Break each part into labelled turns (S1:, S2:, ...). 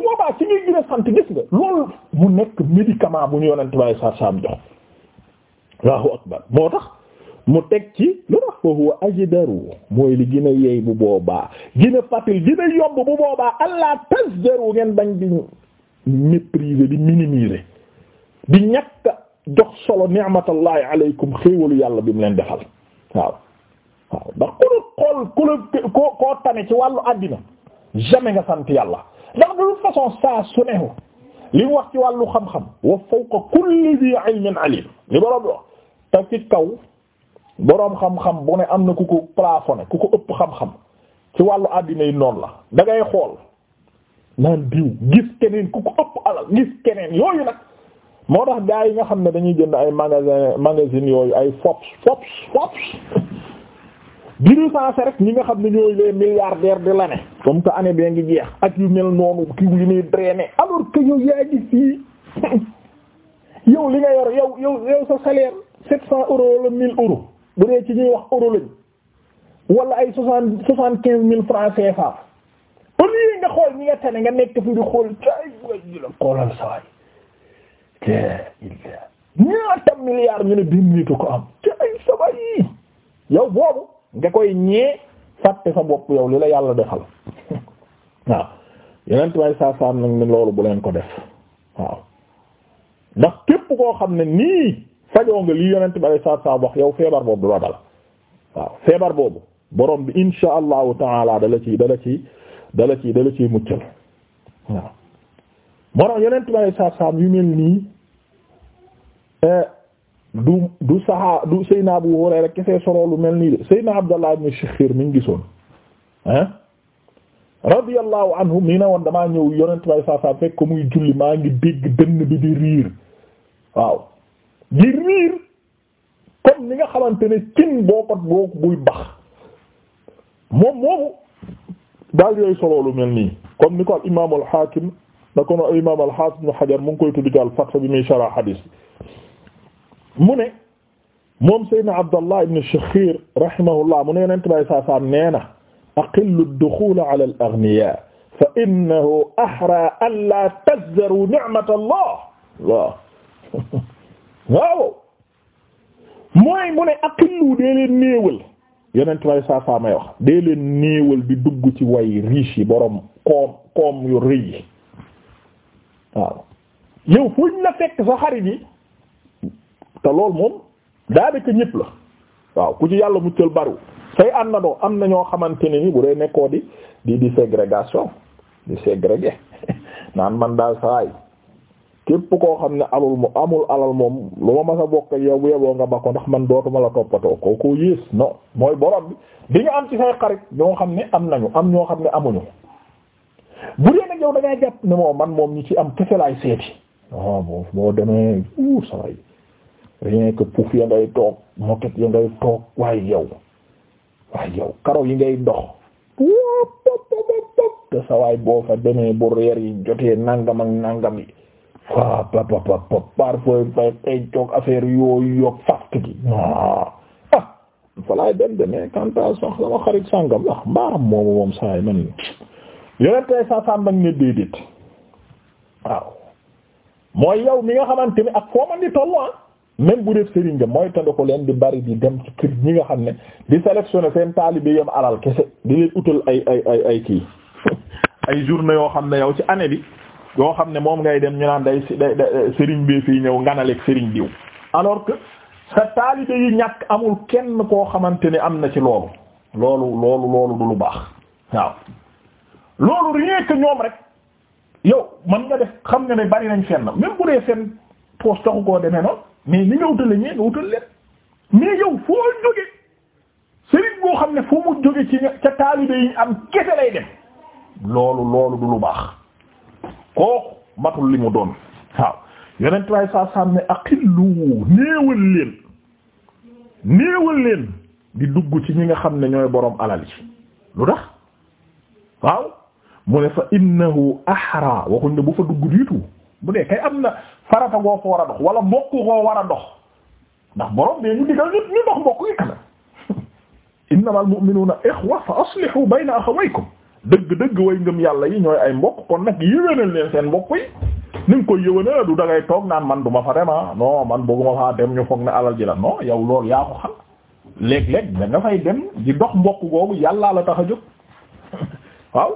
S1: boobaa ci ngay gën a sant gis nga loolu mu nekk médicament bu ñu yonent baay sarsam jox Allahu akbar moo tax mu teg ci lu tax fa huwa ajdaru mooy li gën a yeey bu boobaa gën a facile gën a yomb bu boobaa allah tasdaru ngeen bañ di mépriser di minimiser di ñàkk jox solo ni'matallahi alaykum xéewalu yàlla bi mu leen defal waaw waaw ndax ku la xool ku la koo koo tane ci wàllu àddina jamais nga sant yàlla de saa su li mu wax ci wàllu xam-xam wa fawqa kulli dhi ilmin alim li boroom wax te ci kaw boroom xam-xam bu ne am na ku ko plafonné ku ko ëpp xam-xam ci wàllu àddina yi noonu la dangay xool naan diw gis keneen ku ko ëpp alal gis keneen yooyu nag moo tax gaa yi nga xam ne dañuy jënd ay magasin magasin yooyu ay fops fops fops bi ñu rek ñi nga xam ne ñooy les milliardaires de l'année comme que année bee ngi jeex ak yu mel noonu kii yu ñuy drainer alors que yow yaa ngi fii yow li nga yor yow yow yow sa salaire sept cent euros wala mille euros bu ci ñuy wax euro lañ wala ay soixante soixante quinze mille francs CFA au nga xool ñi nga tane nga nekk fi di xool caay way ji la xoolal sawaay te ñu ne benn nit ko am caay sawaay yi yow boobu nga koy ñee fàtte sa bopp yow li la yàlla defal waaw yeneen way saa saa nag ni loolu bu leen ko def waaw ndax képp koo xam ne nii fajoo nga lii yonent bi alay saa saa wax yow feebar boobu du la dal waaw feebar boobu borom bi insha allahu taala dala ci dala ci dala ci dala ci muccal waaw moo tax yonent bi yu mel nii eh, du du saxaa du Seydina Abu Hurayra kese solo lu mel nii de Seydina Abdallah ibn Shikhkhir mi ngi gisoon ah radiyallahu anhu mi ne woon damaa ñëw yonent bay saa saa fekk ko muy julli maa ngi dégg dënn bi di riir waaw di riir comme ni nga xamante ne cin boo ko boo buy bax moom moomu daal yooyu solo lu mel nii comme ni ko al imaam al Hakim na ko no imaam al Hafiz ibn Hajar mu ngi koy tudd ci al Fath bi muy sharh hadith mu ne moom Seydina Abdallah ibn Shakhir rahimahullah mu ne yonent bi saa saa nee na aqillu ad-dukhul ala al-aghniya fa innahu ahra an la tazzaru ni'mata Allah waaw waaw mooy mu ne aqillu dee leen néewal yonent bi saa saa may wax dee leen néewal di dugg ci way riche yi boroom koom koom yu rëy yi waaw yow fuñ la fekk sa xarit yi te lool moom daanaka ñëpp la waaw ku ci yàlla muccal baru say àndandoo am na ñoo xamante ne ni bu dee nekkoo di di di ségrégation di ségrégué naan man daal saay képp koo xam ne amul mu amul alal moom lu ma mas a bokk yow bu nga ba ko ndax man dootuma la toppatoo kooku yées non mooy borom bi di nga am ci say xarit ñoo xam ne am nañu am ñoo xam ne amuñu bu dee nag yow da ngay jàpp ne moom man moom ñi ci am kese laay seeti. waaw oh, boo boo demee rien que puuf ya ngay toog moket ya ngay toog waaye yow waaye yow karo yi ngay dox te sa waay boo fa demee bu reer yi jotee nangam ak nangam yi waa ba ba ba ba parfois fay xëy coog affaire yooyu yokk fàq gi ah falaay dem demee kanta sox sama xarit sàngam wax ah, mbaaram moom saay man yonentee sa sàmbag ne déedéet waaw mooy yow mi nga xamante ni ak foo man di tollu ah. même bu def sëriñ mooy tënd ko leen di bari di dem ci kër ñi nga xam ne di sélectionner seen taalibe yam alal kese di leen utal ay ay ay ay kii ay journée yoo xam ne yow ci année bi yoo xam ne moom ngay dem ñu naan day sëriñ bi fii ñëw nganaleeg sëriñ diw alors que sa taalibe yi ñàkk amul kenn koo xamante ne am na ci loolu loolu loolu loolu du lu baax waaw loolu rien ñoom rek yow mën nga def xam nga ne bari nañ fenn même bu dee seen poche taxu koo mais ñi nga wutale ñee nga wutal leen mais yow foo jóge sëriñ boo xam ne fu mu jóge ci ca taalibe yi am kese lay dem loolu loolu du lu baax kooku matul li mu doon waaw yeneen tubaab yi saa saam aqillu néewal leen néewal leen di dugg ci ñi nga xam ne ñooy boroom alal yi lu tax waaw mu ne fa innahu ahra waxuñ ne bu fa dugg diitu bu dee kay am na farata goo ko war a dox wala mbokk goo war a dox ndax borom bee ñu digal ñëpp ñu dox mbokk yi kanam innamal mu'minuna ikhwa fa aslihu bayna akhawaykum dëgg-dëgg way ngam yàlla yi ñooy ay mbokk kon nag yéwénal leen seen mbokk yi ni koy yéwénal du dangay toog naan man duma ma fa dem ah non man bëgguma faa dem ñu foog ne alal ji la non yow loolu yaa ko xam léeg-léeg da fay dem di dox mbokk googu yàllaa la tax a jóg waaw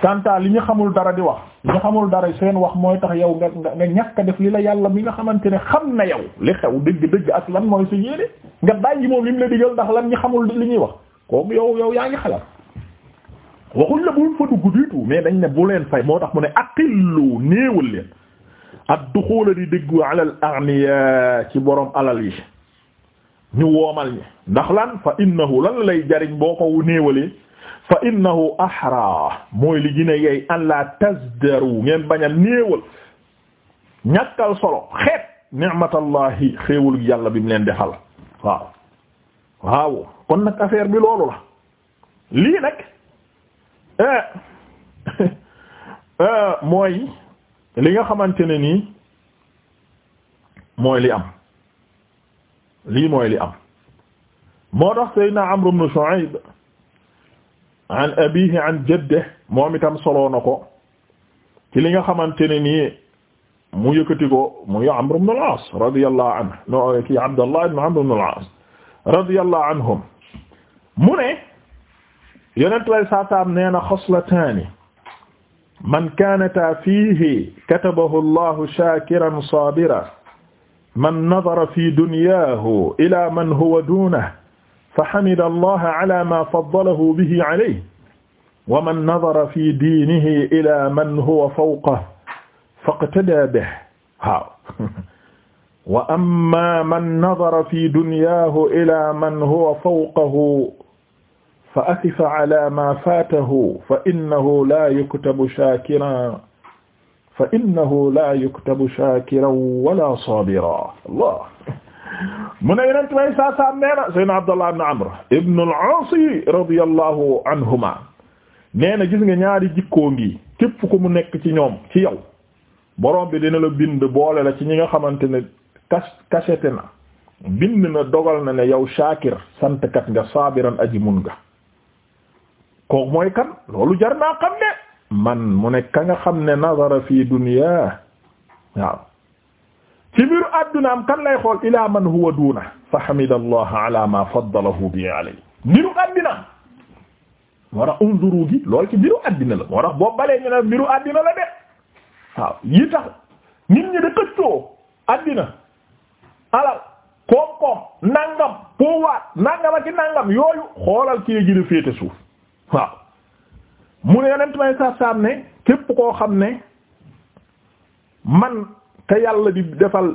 S1: kanta li ñu xamul dara di wax li ñu xamul dara seen wax mooy tax yow nga nga ñàkk a def li la yàlla mi nga xamante ne xam na yow li xew dëgg-dëgg ak lan mooy sa yéene nga bàyyi moom li mu la digal ndax lan ñu xamul li ñuy wax kooku yow yow yaa ngi xalaat waxuñ la bu fa dugg du mais dañ ne bu leen fay moo tax mu ne aqillu néewal leen ak duxóola di déggu alal ci borom alal yi ñu woomal ñi ndax lan fa innahu lan lay jariñ boo ko néewalee fa innahu ahra mooy li gën a yey an la bañ a néewal ñàkkal solo xeet ni'matallahi xéewul yàlla bi mu leen defal waaw waaw kon nag affaire bi loolu la lii nag eh, eh, mooy li nga xamante ne nii mooy li am lii mooy li am moo tax Seydina Amr ibn Shu'ayb an abihi an jadde moom itam soloo na ko ci li nga xamante ne nii mu yëkkati ko muy Amr ibn al-As radiyallahu anhu no ki Abdallah ibn Amr ibn al-As radiyallahu anhum mu ne yonent lay saasaam nee na xaslataani man kaanata fiihi katabahu llahu shaakiran saabira man nadara fi dunyaahu ila man huwa duunahu fa hamida allaha ala ma faddalahu bihi alayhi wa man nadara fi diinihi ila man huwa fawqahu faqtada bihi waaw wa amma man nadara fi dunyaahu ila man huwa fawqahu fa asifa ala ma faatahu fa innahu la yuktabu shaakiran fa innahu la yuktabu shaakiran wala saabira allah mu ne yonent may saa saa nee na saydna abdallah ibn amr ibn al-aas anhuma nee na gis nga ñaari jikkoo ngi képp ko mu nekk ci ñoom ci yow borom bi dina la bind boole la ci ñi nga xamante ne kas kasete na bind na dogal na ne yow shaakir santkat nga saabiran aji mun nga kook mooy kan loolu jar naa xam ne man mu ne ka nga xam ne nazara fi duniyaa waaw ci biir addunaam kan lay xool ila man huwa duuna fa hamida allah ala ma faddalahu bi alay mbiru addinaam moo tax unzuru gi lool ci mbiru addina la moo tax boo balee ñu ne addina la de yi tax nit ñi da xëccoo addina alal koom nangam pouvoir nangam ak nangam yooyu xoolal ki gën a féete suuf mu ne yonent may saab saab ne képp koo xam ne man te yàlla di defal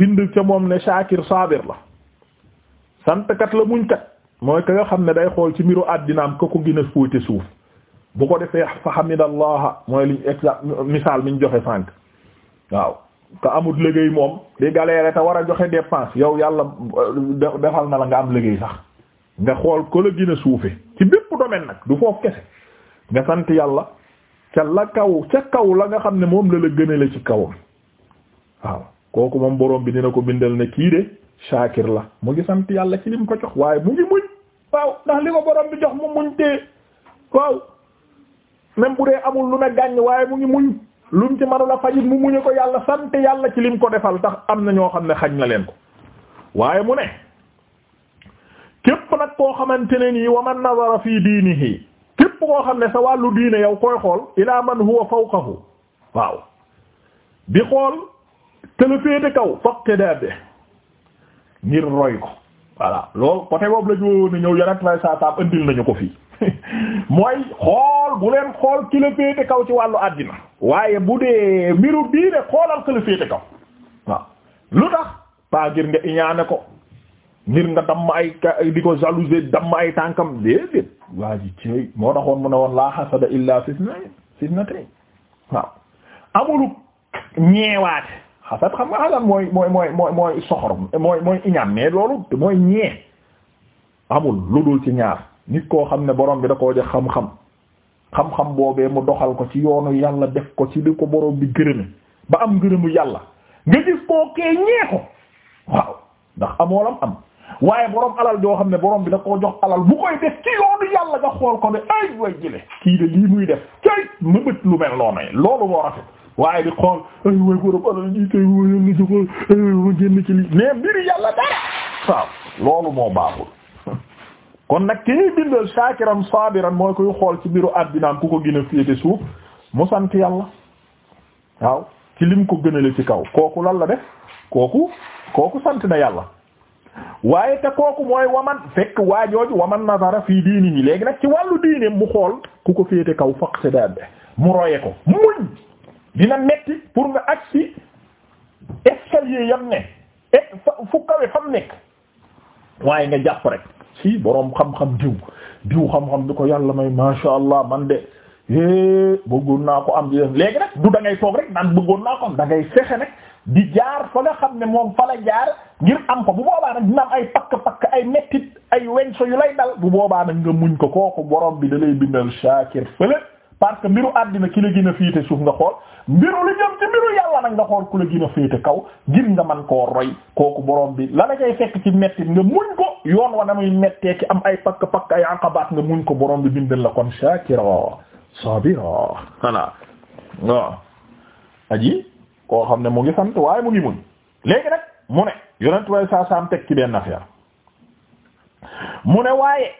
S1: bind ca moom ne shaakir saabir la santkat la muñ kat mooy ka nga xam ne day xool ci mbiru àddinaam ka ko gën a fóote suuf bu ko defee fa hamidallaha mooy liñ exemple misaal miñ joxe sànq waaw ka amul léggéey moom di galérer te war a joxe dépense yow yàlla defal na la nga am liggéey sax nga xool ko la gën a suufe ci bépp domaine nag du foofu kese nga sant yàlla ca la kaw ca kaw la nga xam ne moom la la gënale ci kaw waaw kooku moom borom bi dina ko bindal ne kii de shaakir la mu ngi sant yàlla ci lim ko jox waaye mu ngi muñ waaw ndax li ko borom bi jox mu muñ tee waaw même bu dee amul lu na gàññ waaye mu ngi muñ luñ ci manula fajit mu muñe ko yàlla sant yàlla ci lim ko defal tax am na ñoo xam ne xañ na leen ko waaye mu ne képp nag koo xamante ne nii wa man a fii diinihi képp koo xam ne sa wàllu diine yow koy xool ilaa man huwa fawqahu waaw di xool te la féete kaw faqtida ngir roy ko voilà loolu côté boobu la ñu woon ñëw yonent lay saa saam andil nañu ko fii mooy xool bu leen xool ki la féete kaw ci wàllu àddina waaye bu dee mbiru diine xoolal ki la féete kaw waaw lu tax pas ngir nga iñaane ko ngir nga damm ay di ko jalouser damm ay tànkam déedéet waa ji cey moo taxoon mu ne woon laa xasada illaa fitna fitnatayn waaw amulu ñeewaate xasad xam nga xasad mooy mooy mooy mooy mooy soxor mooy mooy iñaan mais loolu mooy ñee amul lu dul ci ñaar nit koo xam ne borom bi da koo jox xam-xam xam boobee mu doxal ko ci yoonu yàlla def ko ci li ko borom bi gërëme ba am gërëmu yàlla nga gis koo kee waaw ndax amoolam am waaye borom alal joo xam ne borom bi da koo jox alal bu koy def ci yoonu yàlla nga xool ko ne ay way jële kii de lii muy def cay mëbët lu mel noonu loolu moo rafet waaye di xool ay way borom alal ma génn ci li mais mbiri yàlla dara waaw loolu moo baaxul kon nag ki ñuy bindal shakiran sabiran mooy koy xool ci biiru addinaam ku ko gën a féete suuf mu sant yàlla waaw ci lim ko gënale ci kaw kooku lan la def kooku kooku sant na yàlla waaye te kooku mooy waman fekk waajooju waman nazara fii diini yi léegi nag ci wàllu diineem mu xool ku ko féete kaw faq si daat be mu roye ko muñ dina metti pour nga agsi escalier yam ne e fu kawe fam nekk waaye nga jàpp rek si boroom xam-xam diw diw xam-xam bi ko yàlla may masha allah man de é bëggoon naa ko am di léegi du da ngay toog rek naan bëggoon naa ko am da ngay fexe di jaar fa nga xam ne moom fa la jaar ngir am ko bu boobaa nag dina am ay pakk-pakk ay mettit ay weñso yu lay dal bu boobaa nag nga muñ ko kooku borom bi dalay lay bindal shakir fële parce que mbiru àddina ki la gën a féete suuf nga xool mbiru lu jëm ci mbiru yàlla nag nga xool ku la gën a féete kaw ngir nga man koo roy kooku boroom bi la la ngay fekk ci metti nga muñ ko yoon wa na muy mettee ki am ay pakk pakk ay aqabaat nga muñ ko borom bi bindal la kon shakira sabira voilà waaw aji koo xam ne mu ngi sant waaye mu ngi muñ léegi nag mu ne yonent way saa saam teg ci benn affaire mu ne waaye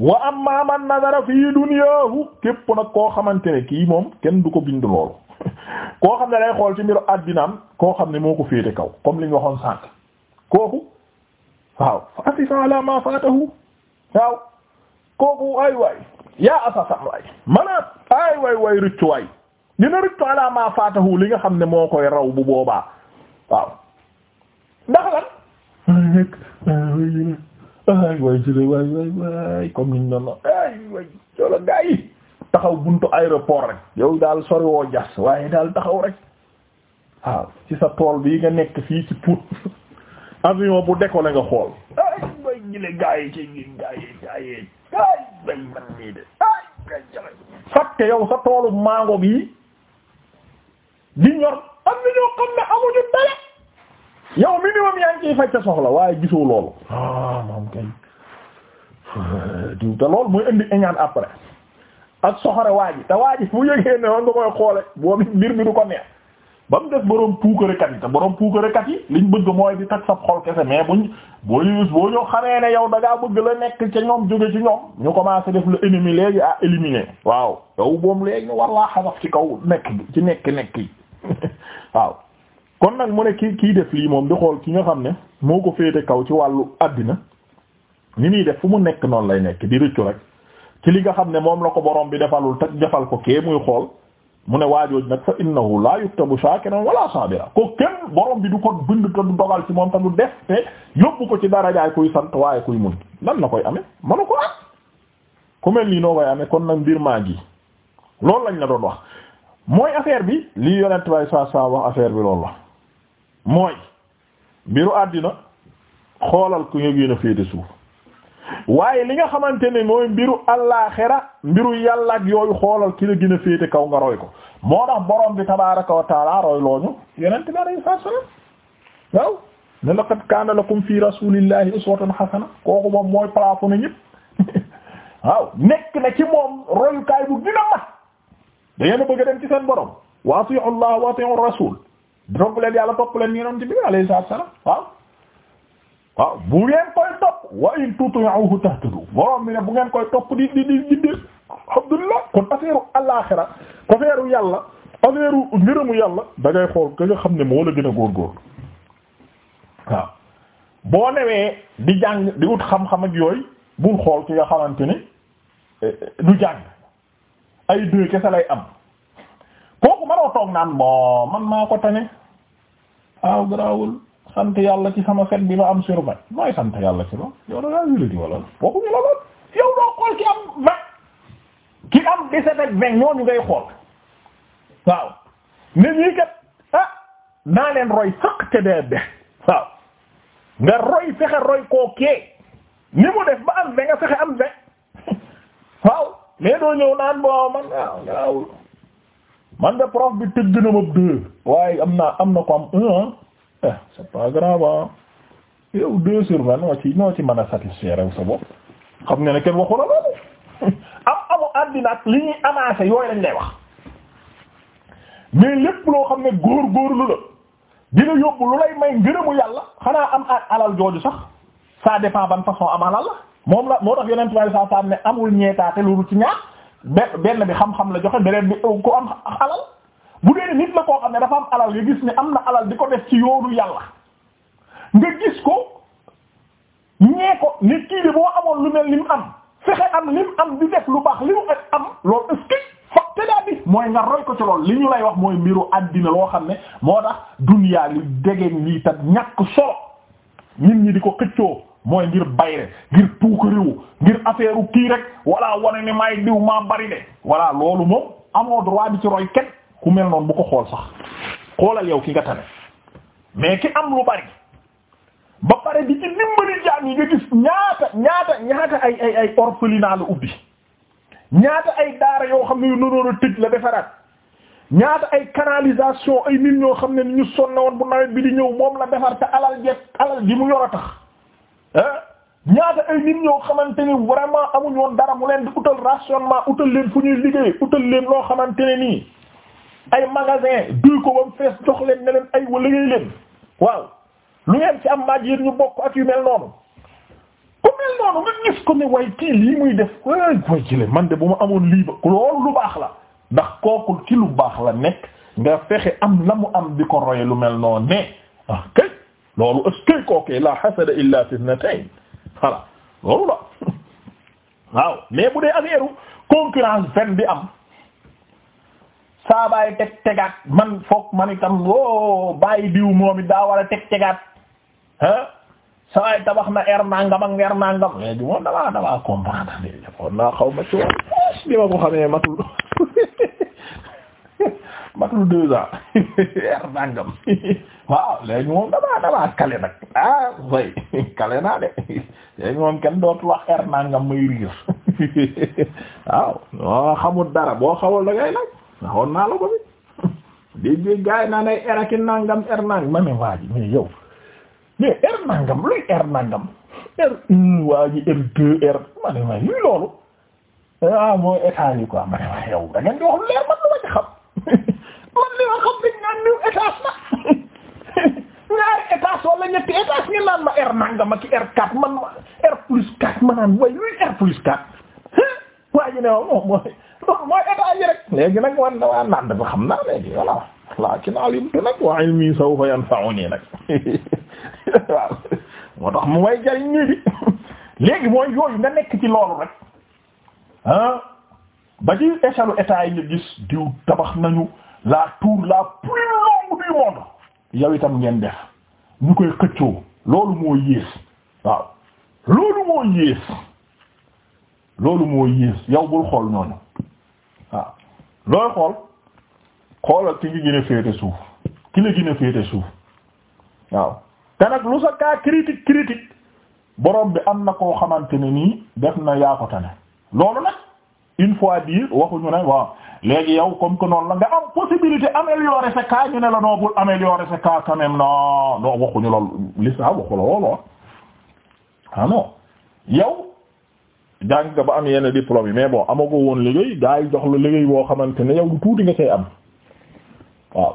S1: wa amma man nazara fii duniyaahu képp nag koo xamante ne kii moom kenn du ko bind loolu koo xam ne day xool ci mbiru addinaam koo xam ne moo ko féete kaw comme li waxoon sànq kooku waaw fa asifa ala li nga xam ne moo koy raw bu boobaa waaw ndax lan ay waay waay waay comme niñ doon ay waay joola gaa yi taxaw buntu aéroport rek yow daal sori woo waaye daal taxaw rek waaw ci sa tool bii nga nekk fii ci Pout bu décollé nga xool ay waay jële yow sa toolu mango bii am na ñoo xam ne amuñu dara yow minimum yaa ngi ciy faj sa soxla waaye gisoo loolu ah moom kay te loolu mooy indi iñaan après ak soxore waa te waa ji bu yëgee ne nga koy xoole boobu mbir mi du ko neex ba mu def borom puukarekat yi te borom puukarekat yi liñ bëgg mooy di tag sab xol kese mais bu ñu yus boo ñoo xamee ne yow da ngaa bëgg la nekk ca ñoom jóge ci ñoom ñu commencé def le ennemi léegi à éliminer waaw yow boom léegi ñu war laa xasaf ci kaw nekk ci nekk nekk yi waaw kon nag mu ne ki kii def lii moom di xool ki nga xam ne moo ko féete kaw ci wàllu àddina ni muy def fu mu nekk noonu lay nekk di rëccu rek ci li nga xam ne moom la ko borom bi defalul te defal ko kee muy xool mu ne waajooj nag fa innahu la yuktabu wala sabira kenn borom bi du ko bind te du dogal ci moom te du def te yóbbu ko ci darajaay kuy sant waaye kuy muñ nan la koy amee mënu ko am ku mel nii noo koy amee kon nag mbir maa gi loolu lañ la doon wax mooy affaire bi lii yonent bay saa saa wax affaire bi loolu la mooy mbiru àddina xoolal ku nga gën a féete suuf waaye li nga xamante ne mooy mbiru allaaxira mbiru yàlla ak yooyu xoolal ki la gën féete kaw nga roy ko moo tax borom bi tabaaraka wa taala roy looñu yonent bi alayhi salaatu salaam waaw ne laqad kaana lakum fi rasuulillahi uswatun hasana kooku moom mooy plafond na ñëpp waaw nekk na ci moom royukaay bu gën a mat da bëgg dem ci seen borom wa atii'u llaah wa atii'u rasuul topp leen yàlla topp leen yonent bi alayhi salaam waaw waaw bu ngeen koy topp wa in tuti'uhu tahtadu borom bi ne bu ngeen koy topp di di di di alhamdulillah kon affaire alaaxira ko affaire yàlla affaire ngërëmu yàlla da ngay xool ka nga xam ne moo la gën a góorgóorlu waaw boo newee di jàng di ut xam-xam ak yooyu bul xool ci nga xamante ni du jàng ay deux kese lay am. manoo toog naan bon man maa ko tane waaw ah, garaawul sant yàlla ci sama fet bi ma am survey mooy sant yàlla ci lool yow da ngaa wulati wala booku ñu lool yow doo xool ki am vingt ki am dix-sept ak vingt ngay xool waaw ne ñii kat ah naa leen roy faq te dee be waaw nga roy fexe roy kookee ni mu def ba am vingt nga fexe am vingt waaw mais doo ñëw naan bo man waaw garaawul man de prof bi tëgg na ma deux waaye am naa am na ko am un ah c'est pas grave ah yow deux sur vingt noo ci noo ci mën a satisfaire sa bopp xam nga ne kenn waxu la loolu am amu àddina ak li ñuy amassé yooyu lañ lay wax mais lépp loo xam ne góor-góorlu la dina yóbbu lu lay may ngërëmu yàlla xanaa am alal jooju sax ça dépend ban façon am alal la moom la moo tax yeneen tubaab yi sax ne amul ñeetaate loolu ci ñaar. benn bi xam-xam la joxe beneen bi ku am alal bu dee nit la koo xam ne dafa am alal nga gis ne am na alal di ko def ci yoonu yàlla nga gis ko ñee ko nit kii bi boo amoon lu mel ni mu am fexe am li mu am di def lu baax li mu am loolu est-ce que daa bi mooy nga roy ko ci lool li ñu lay wax mooy mbiru àddina loo xam ne moo tax duniyaa li dégeen lii tam ñàkk solo nit ñi di ko xëccoo mooy ngir bay rek ngir tuukariwu ngir affaire u kii rek walla wane ni may diw maa bari de walla loolu moom amoo droit bi ci roy kenn ku mel noonu bu ko xool sax xoolal yow ki nga tane mais ki am lu bari ba pare di ci dimbali jaam yi nga gis ñaata ñaata ñaata ay ay ay orphelinat la ubbi ñaata ay daara yoo xam ne yu noonu la tëj la defaraat ñaata ay canalisation ay nit ñoo xam ne ni ñu sonne woon bu nawet bi di ñëw moom la defar te alal jeex alal ji mu yor a tax ñaata ay nit ñoo xamante ni vraiment amuñ woon dara mu leen di utal rationnement utal leen fu ñuy liggéey utal leen loo xamante ne nii ay magasin duy ko ba mu fees jox leen ne leen ay wa liggéey leen waaw lu ngeen ci am maaj ñu bokk ak yu mel noonu ku mel noonu nga gis ko ne way kii lii muy def ay way jële man de bu ma amoon lii ba loolu lu baax la ndax kooku ci lu baax la nekk nga fexe am la mu am di ko roye lu mel noonu ne ah loolu est-ce que kookee la hasada illa fi ithnatayn voilà loolu la waaw mais bu dee affaire concurrence benn bi am saa bàyyi teg tegaat man foog man itam woo bàyyi diw moom it daa war a teg tegaat ah saa waay tabax na air nangam ak air nangam léegi moom damaa damaa comprendre léegi kon naa xaw ma ci bi ma ko xamee matul. matul deux ans weer nangam waaw léegi moom damaa damaa kale nag ah way kale naa de léegi moom kenn dootu wax weer nangam muy riir boo xamul dara naa la mais yow mais air nangam luy air nangam air un waa ji air deux air luy loolu ah mooy état yi quoi ma ne ma yow da ngeen leer man lu ma xam. ngeen naan ma R nangam ak R 4 man ma R plus 4 ma naan waaye luy R plus 4 waa ji ne moom mooy mooy état yi léegi nag na waa naan dafa xam naa léegi voilà laakin alimtu nag wa ilmi moo tax mu may jariñ nii di léegi mooy yooyu nga nekk ci loolu rek ah ba ci échelle état yi ñu gis diw tabax nañu la tour la plus longue du monde yow itam ngeen def ñu koy xëccoo loolu moo yées waaw loolu moo yées loolu moo yées yow bul xool ñooñu waaw looy xool xoolal ki ngi gën a féete suuf ki la gën féete suuf waaw te lu sa kaa critique critique borom bi am na koo xamante ne nii def na yaa ko tane loolu nag une fois dire waxuñu ne waaw léegi yow comme que noonu la nga am possibilité améliorer sa cas ñu ne la noo bul améliorer sa cas quand même non non waxuñu lool l'islam waxu la loolu ah, ah non yow jàng ba am yenn diplôme yi mais bon amago woon liggéey gaa yi jox la liggéey boo xamante ne yow du tuuti nga koy am waaw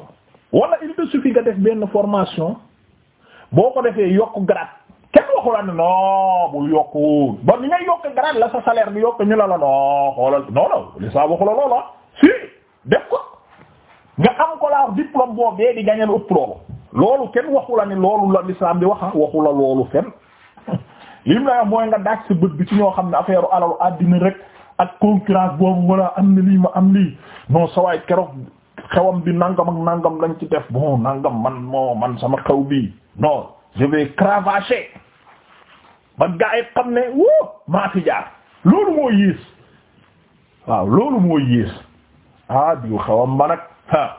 S1: wala il te suffit nga def benn formation boo ko defee yokk grade kenn waxu la ne bul yokku ba ni ngay yokk grade la sa salaire bi yokk ñu la la non xoolal non non l'islam waxu la ah. def ko nga am ko laa diplôme boobu bee di gañal ëpp loolu loolu kenn waxu la ne loolu la l'islam di wax waxu la loolu fenn lim nga daaj bët bi ci ñoo xam ne affaire alalu àddina rek ak concurrence boobu walla am na lii ma am lii non sawaay keroog xewam bi nangam ak nangam lañ ci def bon nangam man moo man sama xew bi non je vais cravacher ba gaa xam ne wuu maa fi jaar loolu moo yées waaw loolu moo yées. ah diw xewam ma nag ah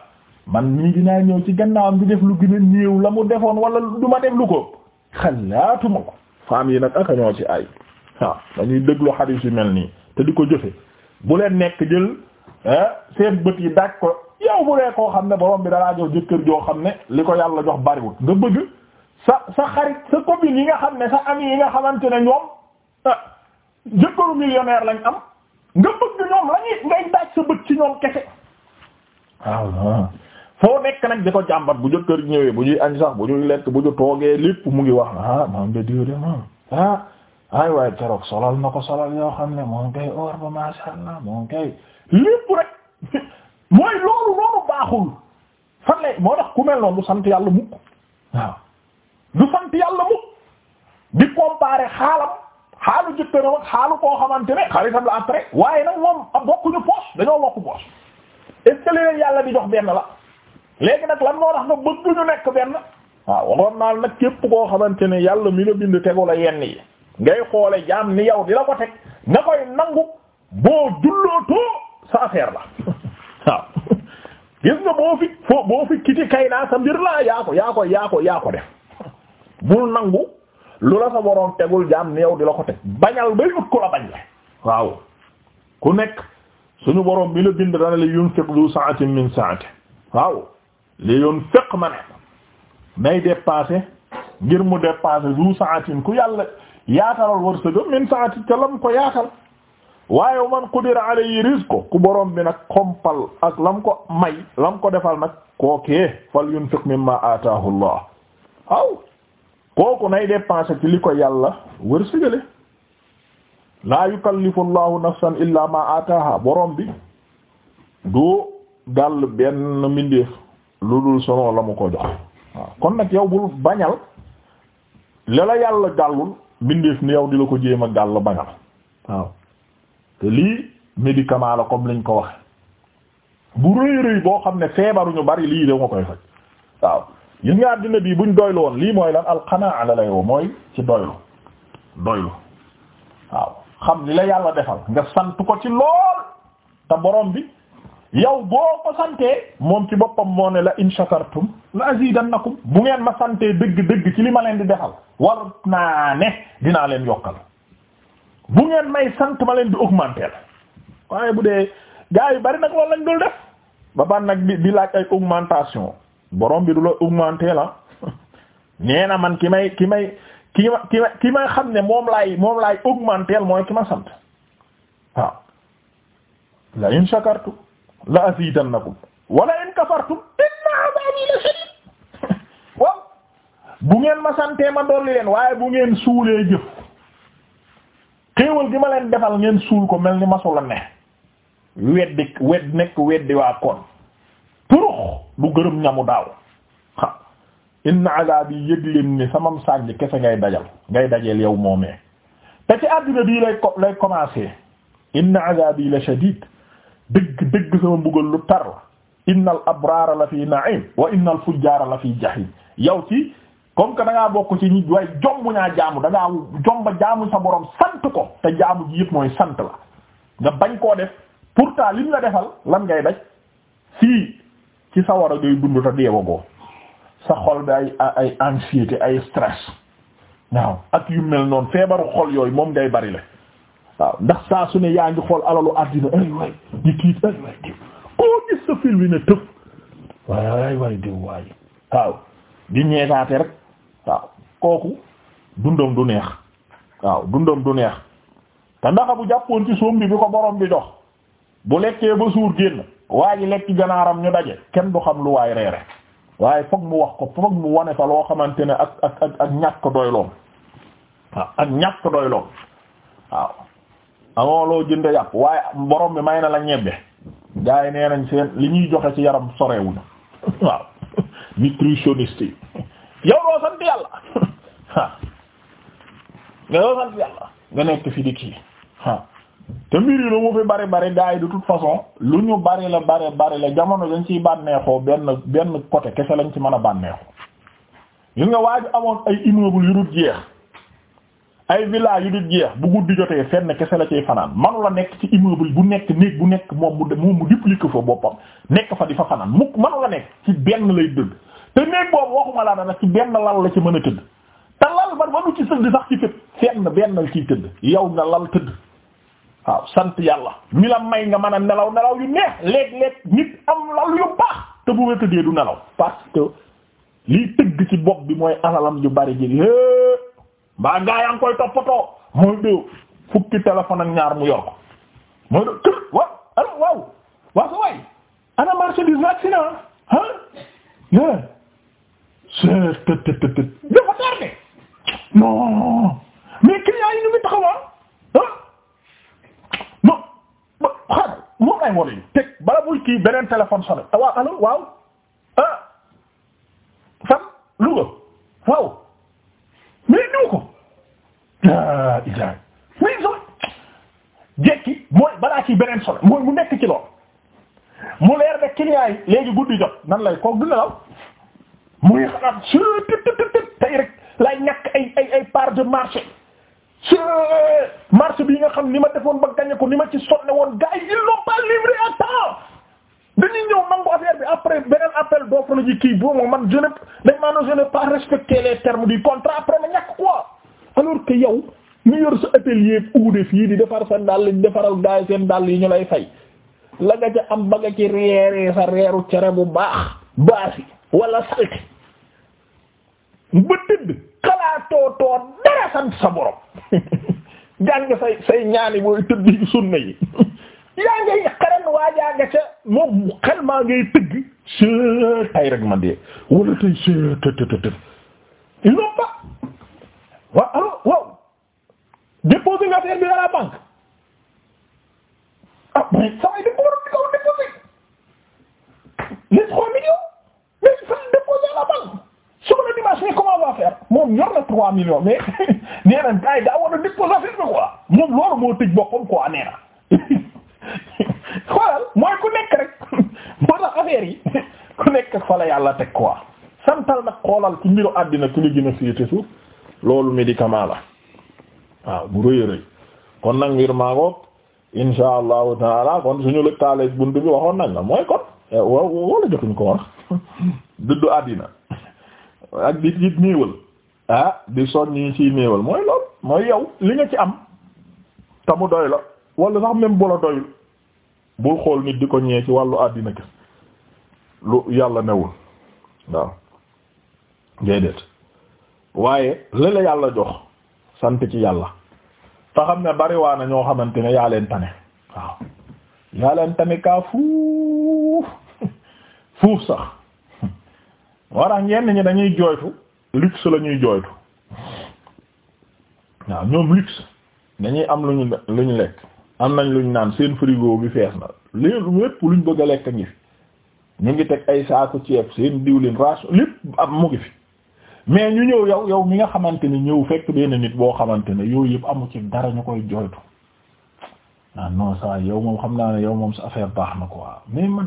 S1: man nii dinaa ñëw ci gannaawam di def lu gën a néew la mu defoon wala du ma def lu ko xalaatuma ko faam yi nag aka ñoo ci ay waaw dañuy déglu xadiis yu mel nii te di ko jëfe bu leen nekk jël seen bët yi daaj ko yow bu dee koo xam ne borom bi dalaa jox jëkkër joo xam ne li ko yàlla jox bariwul nga bëgg sa sa xarit sa copine yi nga xam ne sa ami yi nga xamante ne ñoom jëkkëru millionnaire lañ am nga bëgg ñoom lañuy ngay daaj sa bët ci ñoom kese waaw ah, ah. foo nekk nag di ko jàmbat bu jot kër ñëwee bu ñuy añ sax bu ñuy lekk bu ñu toogee lépp mu ngi wax ah moom de diw ah ay waaye keroog solal na ko solal yoo xam ne moom kay or ba masha Allah moom rek mooy loolu loolu baaxul fan lay moo tax ku noonu du sant yàlla mukk waaw du sant yàlla mukk di comparer xaalam xaalu jëkkëram ak xaalu koo xamante ne xaritam la après waaye nag moom bokkuñu poche dañoo bokk poche est ce que leen yàlla di jox benn la léegi nag lan moo tax nga bëgguñu nekk benn waaw waxoon naa nag képp koo xamante ne yàlla mi la bind tegu la yenn yi ngay xoole jaam ni yow di la ko teg nga koy nangu boo jullootoo sa affaire la gis nga boo fi foo boo fi kiti kay naa mbir laa yaa ko yaa ko yaa nangu lu la sa boroom tegul jaam ni yow di la ko teg bañal bay ut ko bañ la waaw ku nekk suñu boroom bi la bind dana li yunfiq du sa'atin min sa'ati waaw li yunfiq ma ne nay dépasser ngir mu dépasser du sa'atin ku yàlla yaatalal wërsëgam min sa'ati te ko yaatal waaye man qudira alayhi rizqu ku boroom bi nag kompal ak lam ko may lam ko defal nag kookee fal yunfiq mimma ataahu Allah waaw kooku nay dépensé ci li ko yàlla wërsëgale laa yukallifu allahu nafsan illa ma ataaha borom bi du gàll benn mbindeef lu dul sonoo la mu ko jox waaw kon nag yow bul bañal lala yàlla gàllul mbindeef ni yow di la ko jéem a gàll bañal waaw te lii médicament la comme liñ ko waxe bu rëy rëy boo xam ne feebaruñu bari lii da nga koy faj waaw gis nga àddina bii buñ doylu woon lii mooy lan alqanaa la lay woo mooy ci doylu doylu waaw xam li la yàlla defal nga sant ko ci lool te borom bi yow boo ko santee moom ci boppam moo ne la in shakartum la azidannakum bu ngeen ma sante dëgg dëgg ci li ma leen di defal war naa ne dinaa leen yokkal bu ngeen may sant ma leen di augmenter waaye bu dee gaa yu bari nag loolu lañ dul def ba ban nag bi di laaj ay augmentation borom bi du la augmenter la na man ki may ki may ki ma ki ma ki ma xam ne moom lay moom laay augmenter mooy ki ma sant waaw la in shakartum la azidannakum wala in kafartum inna adabi la shadid waaw bu ngeen ma santee ma dolli leen waaye bu ngeen suulee jëf xéewal gi ma leen defal ngeen suul ko mel ni masula ne weddi wedd nekk weddi waa kon du gërëm ñamu daaw waaw inna azabi yëg leen ni samam sànj kese ngay dajal ngay dajeel yow moomee te ci àddina bii lay lay commencer inna azabi la shadid dëgg dëgg sama mbugal lu tar la inna al abrara la fi na'im wa inna al fujjara la fi jahim yow ci comme que da bokk ci ñi waaye jomb ñaa jaamu da ngaa jomba jaamu sa borom sant ko te jaamu ji yëpp mooy sant la nga bañ koo def pourtant lim la defal lan ngay daj fii ci sawara ngay dund te deewagoo sa xol bi ay ay anxiété ay stress waaw ak yu mel noonu feebaru xol yooyu moom ngay bari la waaw ndax saa su ne yaa ngi xool alalu àddina ay waay di tiit bi ne tëb waaye ay waay diw waay waaw di ñeetaate rek waaw kooku dundam du neex waaw dundam du neex te ndaxa bu jàppoon ci sombi bi ko borom bi dox bu lekkee ba suur génn waa ji lekk ganaaram ñu daje kenn du xam lu waay reere waaye foog mu wax ko foog mu wone fa loo xamante ne ak ak ak ak ñàkk doyloom waaw ak ñàkk doyloom waaw amoo loo jënd yàpp waaye borom bi may na la ñebbe gars yi nee nañ seen li ñuy joxe ci yaram sorewuñu waaw nutritionniste yi yow doo sant yàlla nga doo sant yàlla nga nekk fi di kii te mbir yi lu mu fi bari bari gars yi de toute façon lu ñu bari la bari bari la jamono lañ ciy bànneexoo benn benn côté kese lañ ci mën a bànneexoo gis nga waa ji amoon ay immeuble yu dul jeex ay villa yu dul jeex bu guddi jotee fenn kese la ciy fanaan manu la nekk ci immeuble bu nekk néeg bu nekk moom mu moom mu dupliquer fa boppam nekk fa di fa fanaan mukk manu la nekk ci benn lay dëgg te néeg boobu waxuma laa nag ci benn lal la ci mën a tëdd te lal ba mënu ci sëdd sax ci fépp benn la ciy yow nga waaw sant yàlla mi la may nga mën a nelaw nelaw yu neex léeg-léeg nit am lal yu baax te bu wétadee du nelaw parce liy tëgg ci bopp bi mooy alalam yu bari ji é mbaa koy toppatoo mooy déw fukki téléphone ak ñaar mu yor ko mooy do waaw ana waaw waa sa waay ana marchandise accident ah é ser të të të dafa tardé non mais client yi ñu ngi taxawaa ah? xaar moom lay wone teg bala muy kii beneen téléphone sonné waaw allo waaw ah fan Louga waaw mais ñëw ko ah Ibrahima muy jekki mooy balaa kii beneen sonné mooy mu nekk ci lool mu leer ne client yi léegi guddi jot nan lay ko gënalaw muy xalaat su të të rek lay ñàkk ay de marché. ci marché bi nga xam ni ma defoon ba gagné ko ni ma ci sonne woon gars yi ils pas livré à temps dañuy ñëw nangu affaire bi après beneen appel d'offre la ji kii boobu man je ne dañ maa ne je n'ai pas respecté les termes du contrat après ma ñàkk quoi alors que yow ñu yor sa atelier uude fii di defar sa dàll defaral gars yi seen dàll yi ñu lay fay la am ba nga ci reeree sa reeru cere bu baax baasi wala salti ba tëdd xalaatoo too dara sa borom jàng say say ñaani booy tëdd sunna yi yaa ngay xaran waa nga ca moom xel maa ngay tëgg se tay rek ma dee wala tay se tëtëtëtë il noom ba waaw allo waaw déposé nga affaire bi à la banque ah mais ça va di kaw déposé les trois millions mais la banque suba la dimanche mais comment on va moom yor na 3 millions mais nee na daa war a déposer affaire bi quoi moom loolu moo tëj boppam quoi nee na xoolal mooy ku nekk rek moo tax affaire yi ku nekk fa la yàlla teg quoi santal nag xoolal ci mbiru àddina ku li gën a loolu médicament la waaw bu rëy a rëy kon nag mbir maa ngoog insha allahu taala kon suñu lëkkaaleeg bunt bi waxoon nañ la mooy kon eh, waaw wala jotuñ ko wax dëddu àddina ak di di néewal ah di soññi ciy néewal mooy lool mooy yow li nga ci am te mu doy la wala sax même bu la bul xool nit di ko ñee ci wàllu àddina kër lu yàlla newul waaw déedéet waaye li yàlla jox sant ci yàlla te xam ne bariwaana ñoo xamante ne yaa leen tane waaw yaa leen tane kaa fuuf fuuf sax moo tax ñenn ñi dañuy jooytu luxe la ñuy jooytu waaw ñoom luxe dañuy am lu ñu lu ñu lekk am nañ lu ñu naan seen frigo bi fees na léegi lépp luñ bëgg a lekk ngi fi ñu ngi teg ay saaku ceeb seen diwlin ration lépp am mu ngi fi mais ñu ñëw yow yow mi nga xamante ni ñëw fekk benn nit boo xamante ne yooyu yëpp amu ci dara ñu koy jooytu ah non ça yow moom xam naa ne yow moom sa affaire baax na quoi mais man.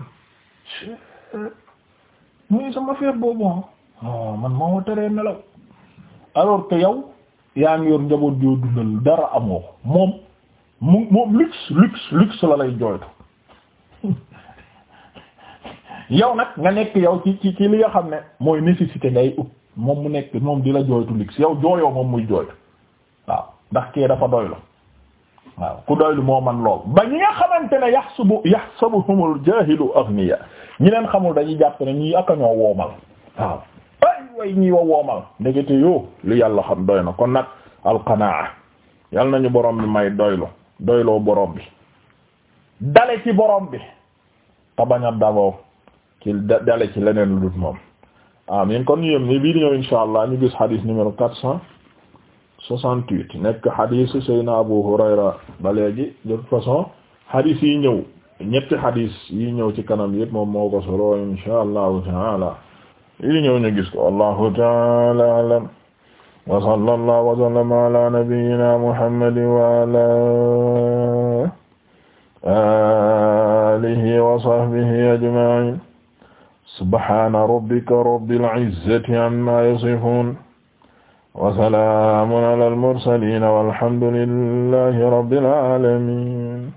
S1: muy sama feer boobu ah oh, man moo teree nelaw alors que yow yaa ngi yor njaboot joo dundal dara amoo moom mu moom luxe luxe luxe la lay jooytu yow nag nga nekk yow ci ci ci li nga xam ne mooy nécessité ngay ut moom mu nekk moom di la jooytu luxe yow jooyoo moom muy jooytu waaw ndax kee dafa doylu waaw ku doylu moo man lool ba ñi nga xamante ne yaxsubu yaxsabuhumul jaahilu aghniya ñi leen xamul dañuy jàpp ne ñii ak a woomal waaw ay way ñii wa woomal ndegete yoo lu yàlla xam doy na kon nag alqanaa yàlla nañu borom bi may doylu doyloo borom bi dale ci borom bi te bañ a dagoo ci dale ci leneen lu dut moom amin kon yëm ni bii di ñëw insha allah ñu gis hadith numéro quatre cent soixante-huit nekk hadith Seydina Abu Hurayra ba léegi de toute façon hadith yi ñëw ñetti xadis yi ñëw ci kanam yëpp moom moo ko solo insha allahu taala yi ñëw ñu gis ko allahu taala alam wa sallallahu wa sallama ala nabiyyina muhammadin wa ala alihi wa sahbihi ajma'in subhana rabbika rabbil izzati amma yasifun wa salamun ala al mursalin walhamdulillahi rabbil alamin